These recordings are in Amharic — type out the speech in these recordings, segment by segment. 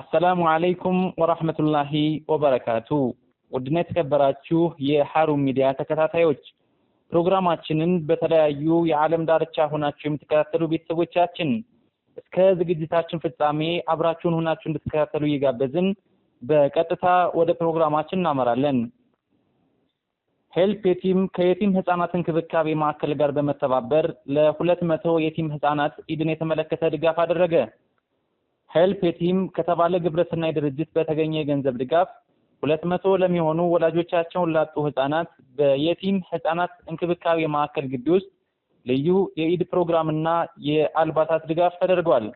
አሰላሙ አለይኩም ወራህመቱላሂ ወበረካቱ። ውድና የተከበራችሁ የሀሩን ሚዲያ ተከታታዮች ፕሮግራማችንን በተለያዩ የዓለም ዳርቻ ሆናችሁ የምትከታተሉ ቤተሰቦቻችን እስከ ዝግጅታችን ፍጻሜ አብራችሁን ሆናችሁ እንድትከታተሉ እየጋበዝን በቀጥታ ወደ ፕሮግራማችን እናመራለን። ሄልፕ የቲም ከየቲም ህጻናት እንክብካቤ ማዕከል ጋር በመተባበር ለሁለት መቶ የቲም ህጻናት ኢድን የተመለከተ ድጋፍ አደረገ። ሄልፕ ቲም ከተባለ ግብረሰናይ ድርጅት በተገኘ የገንዘብ ድጋፍ ሁለት መቶ ለሚሆኑ ወላጆቻቸውን ላጡ ህጻናት በየቲም ህጻናት እንክብካቤ ማዕከል ግቢ ውስጥ ልዩ የኢድ ፕሮግራምና የአልባሳት ድጋፍ ተደርጓል።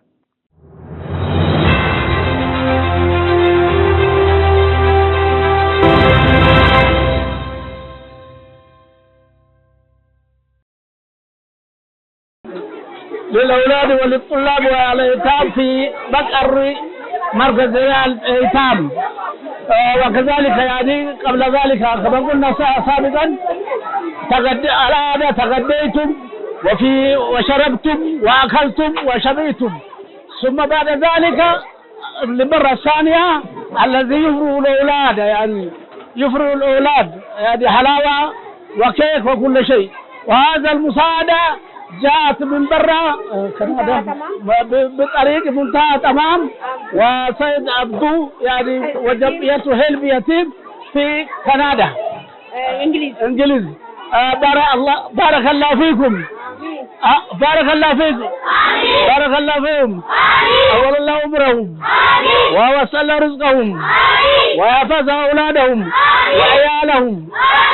للأولاد وللطلاب والأيتام في بقر مركز الأيتام آه، وكذلك يعني قبل ذلك كما قلنا سابقا تغد... هذا تغديتم وفي وشربتم وأكلتم وشبيتم ثم بعد ذلك للمرة الثانية الذي يفرغ الأولاد يعني يفرغ الأولاد يعني حلاوة وكيك وكل شيء وهذا المساعدة جاءت من برا بطريق منتهى تمام وسيد عبدو يعني وجمعيته هيلب يتيم في كندا انجليزي آه، انجليزي آه، بارك الله بارك الله فيكم آه، بارك الله فيكم بارك الله فيهم أول الله عمرهم ووصل رزقهم ويحفظ أولادهم وعيالهم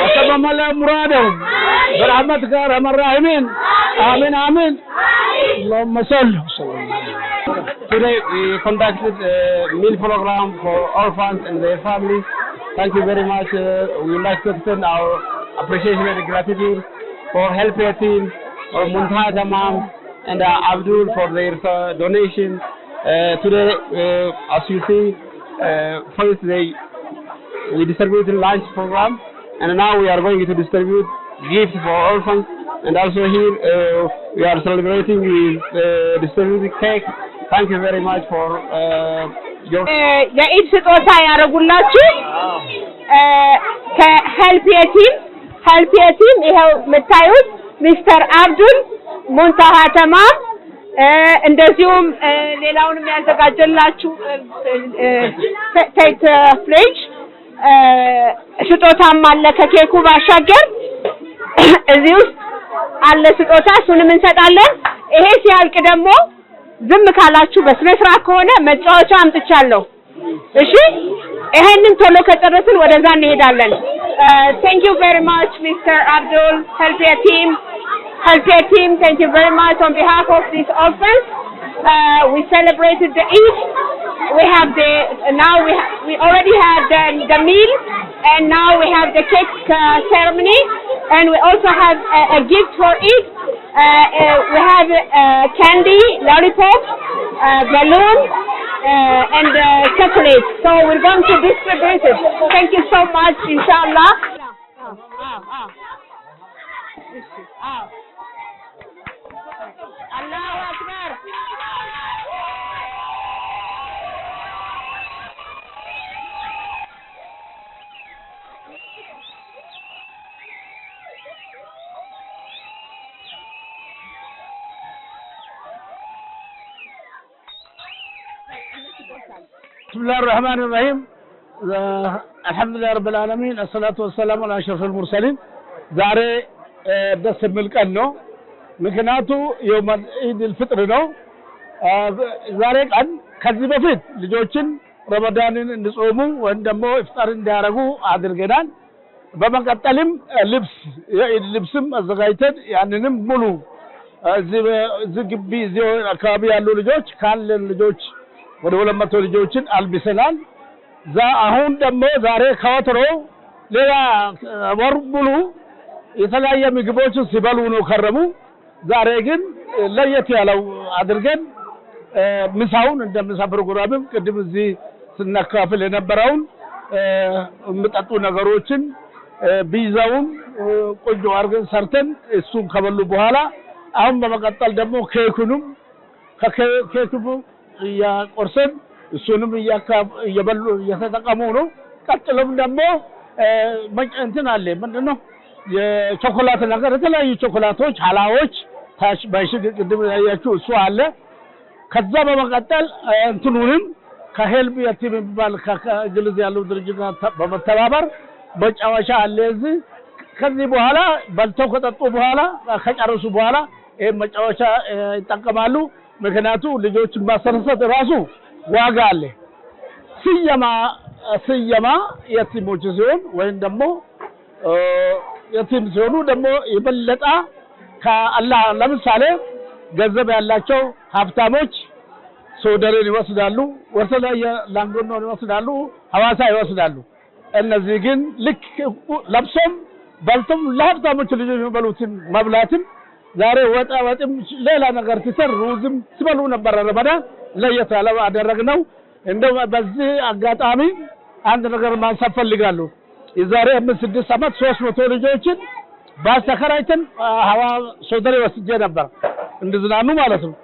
وتمم لهم مرادهم برحمتك يا أرحم الراحمين Amen, Amen. Allahumma salli. Today we conducted a meal program for orphans and their families. Thank you very much. Uh, we would like to extend our appreciation and gratitude for help your team, for Muntaj Imam and uh, Abdul for their uh, donation. Uh, today, uh, as you see, uh, first day we distributed lunch program, and now we are going to distribute gifts for orphans And also here uh, we are celebrating with uh, distributing cake. Thank you very much for uh, your uh, የኢድ ስጦታ ያደረጉላችሁ ከሄልፕ የቲም ሄልፕ የቲም ይኸው የምታዩት ሚስተር አብዱል ሞንታሃ ተማም እንደዚሁም uh, ሌላውንም ያዘጋጀላችሁ ቴት uh, ፍሬጅ ስጦታም አለ ከኬኩ ባሻገር እዚህ ውስጥ አለ ስጦታ፣ እሱንም እንሰጣለን። ይሄ ሲያልቅ ደግሞ ዝም ካላችሁ በስነ ስርዓት ከሆነ መጫወቻ አምጥቻለሁ። እሺ፣ ይሄንን ቶሎ ከጨረስን ወደዛ እንሄዳለን። ቴንክ ዩ ቬሪ ማች ሚስተር አብዱል ሄልፕ ዮር ቲም ሄልፕ ዮር ቲም ቴንክ ዩ ቬሪ ማች ኦን ቢሃፍ ኦፍ ዲስ ኦርፈንስ ዊ ሴሌብሬትድ ዘ ኢድ ዊ ሃቭ we already had the, the meal and now we have the cake uh, ceremony and we also have a, a gift for it. Uh, uh, we have uh, candy, lollipop, uh, balloon, uh, and chocolate. So we're going to distribute it. Thank you so much, inshallah. Allah بسم الله الرحمن الرحيم አልሐምዱ ሊላህ ረብል ዓለሚን አሰላቱ ወሰላሙ አላ አሽረፈል ሙርሰሊን። ዛሬ ደስ የሚል ቀን ነው። ምክንያቱ የውመል ፍጥር ነው። ዛሬ ቀን ከዚህ በፊት ልጆችን ረመዳንን እንዲጾሙ ወይም ደግሞ ኢፍጣር እንዲያደርጉ አድርገናል። በመቀጠልም ልብስ የኢድ ልብስም አዘጋጅተን ያንንም ሙሉ እዚህ ግቢ እዚህ አካባቢ ያሉ ልጆች ካለን ልጆች ወደ ሁለት መቶ ልጆችን አልብሰናል። አሁን ደግሞ ዛሬ ከወትሮ ሌላ ወር ሙሉ የተለያየ ምግቦች ሲበሉ ነው ከረሙ። ዛሬ ግን ለየት ያለው አድርገን ምሳውን እንደ ምሳ ፕሮግራምም ቅድም እዚህ ስናካፍል የነበረውን የሚጠጡ ነገሮችን ቢዛውን ቆንጆ አድርገን ሰርተን እሱን ከበሉ በኋላ አሁን በመቀጠል ደግሞ ኬኩንም ከኬኩ እያቆርሰን እሱንም እየበሉ እየተጠቀሙ ነው። ቀጥሎም ደግሞ እንትን አለ ምንድን ነው የቾኮላት ነገር የተለያዩ ቾኮላቶች፣ ሀላዎች በሽግ ቅድም ያያችሁ እሱ አለ። ከዛ በመቀጠል እንትኑንም ከሄልብ የቲም የሚባል ከእንግሊዝ ያለው ድርጅት በመተባበር መጫወቻ አለ እዚህ። ከዚህ በኋላ በልተው ከጠጡ በኋላ ከጨረሱ በኋላ ይህም መጫወቻ ይጠቀማሉ። ምክንያቱ ልጆችን ማሰረሰት ራሱ ዋጋ አለ። ስየማ ስየማ የቲሞች ሲሆን ወይም ደግሞ የቲም ሲሆኑ ደግሞ የበለጠ ከአላህ ለምሳሌ ገንዘብ ያላቸው ሀብታሞች ሶደሬን ይወስዳሉ፣ ወሰላየ ላንጎኖን ይወስዳሉ፣ ሐዋሳ ይወስዳሉ። እነዚህ ግን ልክ ለብሶም በልቶም ለሀብታሞች ልጆች የሚበሉትን መብላትም ዛሬ ወጣ ወጥም ሌላ ነገር ሲሰሩ ዝም ትበሉ ነበረ። ረመዳ ለየት ያለ አደረግነው። እንደው በዚህ አጋጣሚ አንድ ነገር ማንሳት ፈልጋለሁ። የዛሬ አምስት ስድስት ዓመት ሶስት መቶ ልጆችን ባስ ተከራይተን ሀዋ ሶደሬ ወስጄ ነበር እንድዝናኑ ማለት ነው።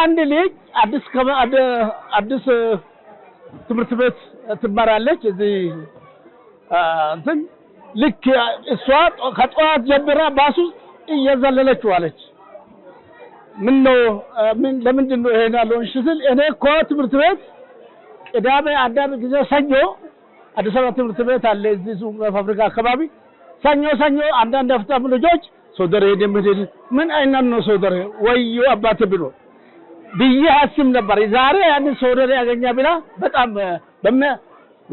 አንድ ልጅ አዲስ አዲስ ትምህርት ቤት ትማራለች እዚህ እንትን ልክ እሷ ከጠዋት ጀምራ ባስ ውስጥ እየዘለለችው አለች። ምን ነው ለምንድን ነው ይሄን ያለውን ስትል እኔ እኮ ትምህርት ቤት ቅዳሜ አንዳንድ ጊዜ ሰኞ አዲስ አበባ ትምህርት ቤት አለ እዚህ ፋብሪካ አካባቢ ሰኞ ሰኞ አንዳንድ አፍጣም ልጆች ሶደሬ የምትሄድ ምን አይነት ነው ሶደሬ ወዩ አባት ብሎ ብዬ አስብ ነበር። ዛሬ ያንን ሶደሬ ያገኛ ብላ በጣም በመ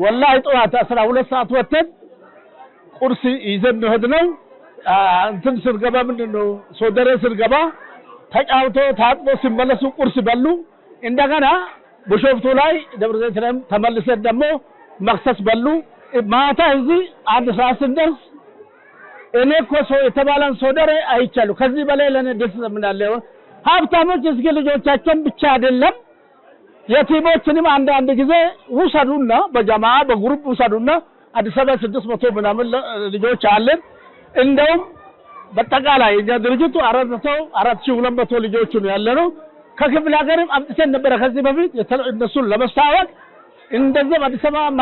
ወላሂ ጠዋት አስራ ሁለት ሰዓት ወተን ቁርስ ይዘን ነው እንትን ስንገባ ምንድን ነው ሶደሬ ስንገባ ተጫውቶ ታጥቦ ሲመለሱ ቁርስ በሉ። እንደገና ብሾፍቱ ላይ ደብረ ዘይት ተመልሰን ደግሞ መክሰስ በሉ። ማታ እዚህ አንድ ሰዓት ስንደርስ እኔ እኮ ሰው የተባለን ሶደሬ አይቻሉ። ከዚህ በላይ ለእኔ ደስ ምናለ። ሀብታሞች እስኪ ልጆቻቸውን ብቻ አይደለም የቲሞችንም አንዳንድ ጊዜ ውሰዱና በጀማ በግሩፕ ውሰዱና አዲስ አበባ ስድስት መቶ ምናምን ልጆች አለን። እንደውም በጠቃላይ እኛ ድርጅቱ አራት ሰው አራት ሺህ ሁለት መቶ ልጆቹ ነው ያለ ነው። ከክፍለ ሀገርም አምጥተን ነበረ ከዚህ በፊት እነሱን ለመስተዋወቅ እንደዚያም አዲስ አበባ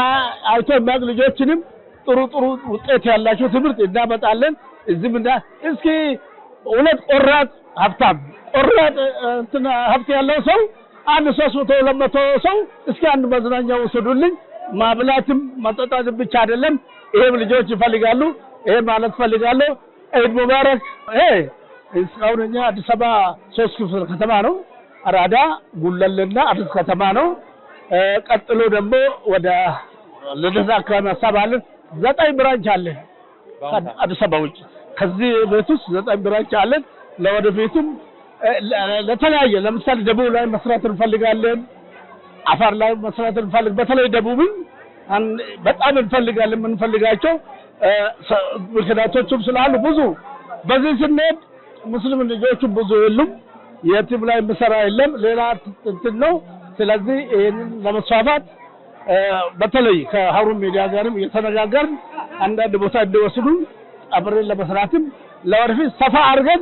አይቶ የሚያውቅ ልጆችንም ጥሩ ጥሩ ውጤት ያላቸው ትምህርት እናመጣለን። እዚህም እና እስኪ ሁለት ቆራጥ ሀብታም ቆራጥ እንትን ሀብት ያለው ሰው አንድ ሶስት መቶ ሁለት መቶ ሰው እስኪ አንድ መዝናኛ ወሰዱልኝ። ማብላትም መጠጣትም ብቻ አይደለም፣ ይሄም ልጆች ይፈልጋሉ። ይሄ ማለት ፈልጋለሁ። ዒድ ሙባረክ። ይሄ እስካሁን እኛ አዲስ አበባ ሶስት ክፍለ ከተማ ነው። አራዳ፣ ጉለልና አዲስ ከተማ ነው። ቀጥሎ ደግሞ ወደ ልደታ አካባቢ ሀሳብ ዘጠኝ ብራንች አለ አዲስ አበባ ውጭ። ከዚህ ቤት ውስጥ ዘጠኝ ብራንች አለን። ለወደፊቱም ለተለያየ ለምሳሌ ደቡብ ላይ መስራት እንፈልጋለን። አፋር ላይ መስራት እንፈልግ በተለይ ደቡብን በጣም እንፈልጋለን የምንፈልጋቸው ምክንያቶቹም ስላሉ ብዙ በዚህ ስንሄድ ሙስሊም ልጆቹ ብዙ የሉም። የቲም ላይ የምሰራ የለም ሌላ እንትን ነው። ስለዚህ ይህንን ለመስፋፋት በተለይ ከሀሩን ሚዲያ ጋርም እየተነጋገርን አንዳንድ ቦታ እንዲወስዱ አብሬን ለመስራትም ለወደፊት ሰፋ አድርገን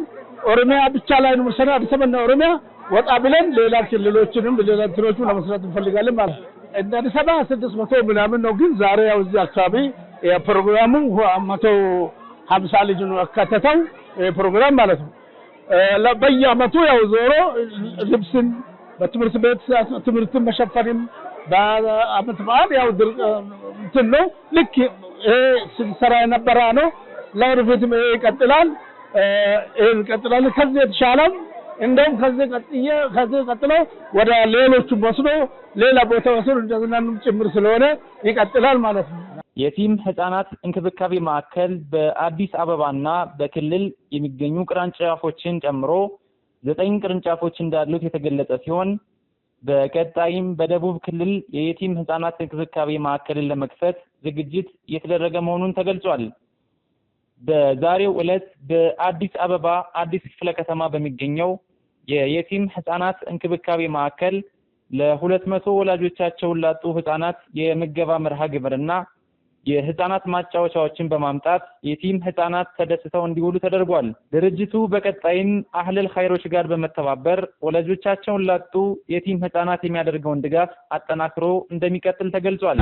ኦሮሚያ ብቻ ላይ ነው የምንሰራ አዲስ አበባና ኦሮሚያ ወጣ ብለን ሌላ ክልሎችንም ሌላ እንትኖቹ ለመስራት እንፈልጋለን ማለት ነው። እንደ አዲስ አበባ ስድስት መቶ ምናምን ነው፣ ግን ዛሬ ያው እዚህ አካባቢ የፕሮግራሙ መቶ ሀምሳ ልጅ ነው ያካተተው ፕሮግራም ማለት ነው። በየአመቱ ያው ዞሮ ልብስን በትምህርት ቤት ትምህርትን መሸፈንም በአመት በዓል ያው እንትን ነው። ልክ ይሄ ስንሰራ የነበረ ነው። ለወደፊትም ይሄ ይቀጥላል፣ ይሄ ይቀጥላል። ከዚህ የተሻለም እንደውም ከዚህ ቀጥዬ ከዚህ ቀጥሎ ወደ ሌሎቹም ወስዶ ሌላ ቦታ ወስዶ እንደዚህና ጭምር ስለሆነ ይቀጥላል ማለት ነው። የቲም ህጻናት እንክብካቤ ማዕከል በአዲስ አበባና በክልል የሚገኙ ቅርንጫፎችን ጨምሮ ዘጠኝ ቅርንጫፎች እንዳሉት የተገለጸ ሲሆን በቀጣይም በደቡብ ክልል የየቲም ህጻናት እንክብካቤ ማዕከልን ለመክፈት ዝግጅት እየተደረገ መሆኑን ተገልጿል። በዛሬው ዕለት በአዲስ አበባ አዲስ ክፍለ ከተማ በሚገኘው የየቲም ህጻናት እንክብካቤ ማዕከል ለሁለት መቶ ወላጆቻቸውን ላጡ ህጻናት የምገባ መርሃ ግብርና የህፃናት ማጫወቻዎችን በማምጣት የቲም ህፃናት ተደስተው እንዲውሉ ተደርጓል። ድርጅቱ በቀጣይም አህልል ኸይሮች ጋር በመተባበር ወላጆቻቸውን ላጡ የቲም ህፃናት የሚያደርገውን ድጋፍ አጠናክሮ እንደሚቀጥል ተገልጿል።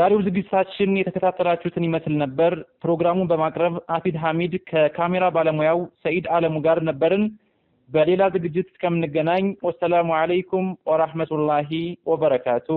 የዛሬው ዝግጅታችን የተከታተላችሁትን ይመስል ነበር። ፕሮግራሙን በማቅረብ አፊድ ሐሚድ ከካሜራ ባለሙያው ሰኢድ አለሙ ጋር ነበርን። በሌላ ዝግጅት እስከምንገናኝ ወሰላሙ አለይኩም ወራህመቱላሂ ወበረካቱ።